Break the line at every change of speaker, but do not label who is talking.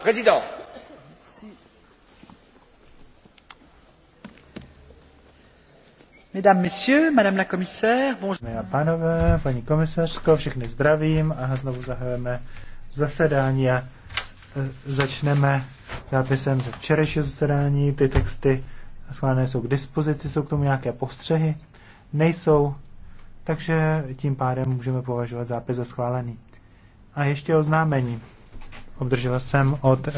Président.
Mesdames, Messieurs, Madame la Commissaire, a pánové, paní komisařko, všechny zdravím a znovu zahajujeme zasedání a e, začneme zápisem ze včerejšího zasedání. Ty texty schválené jsou k dispozici, jsou k tomu nějaké postřehy? Nejsou, takže tím pádem můžeme považovat zápis za schválený. A ještě oznámení. Obdržela jsem
od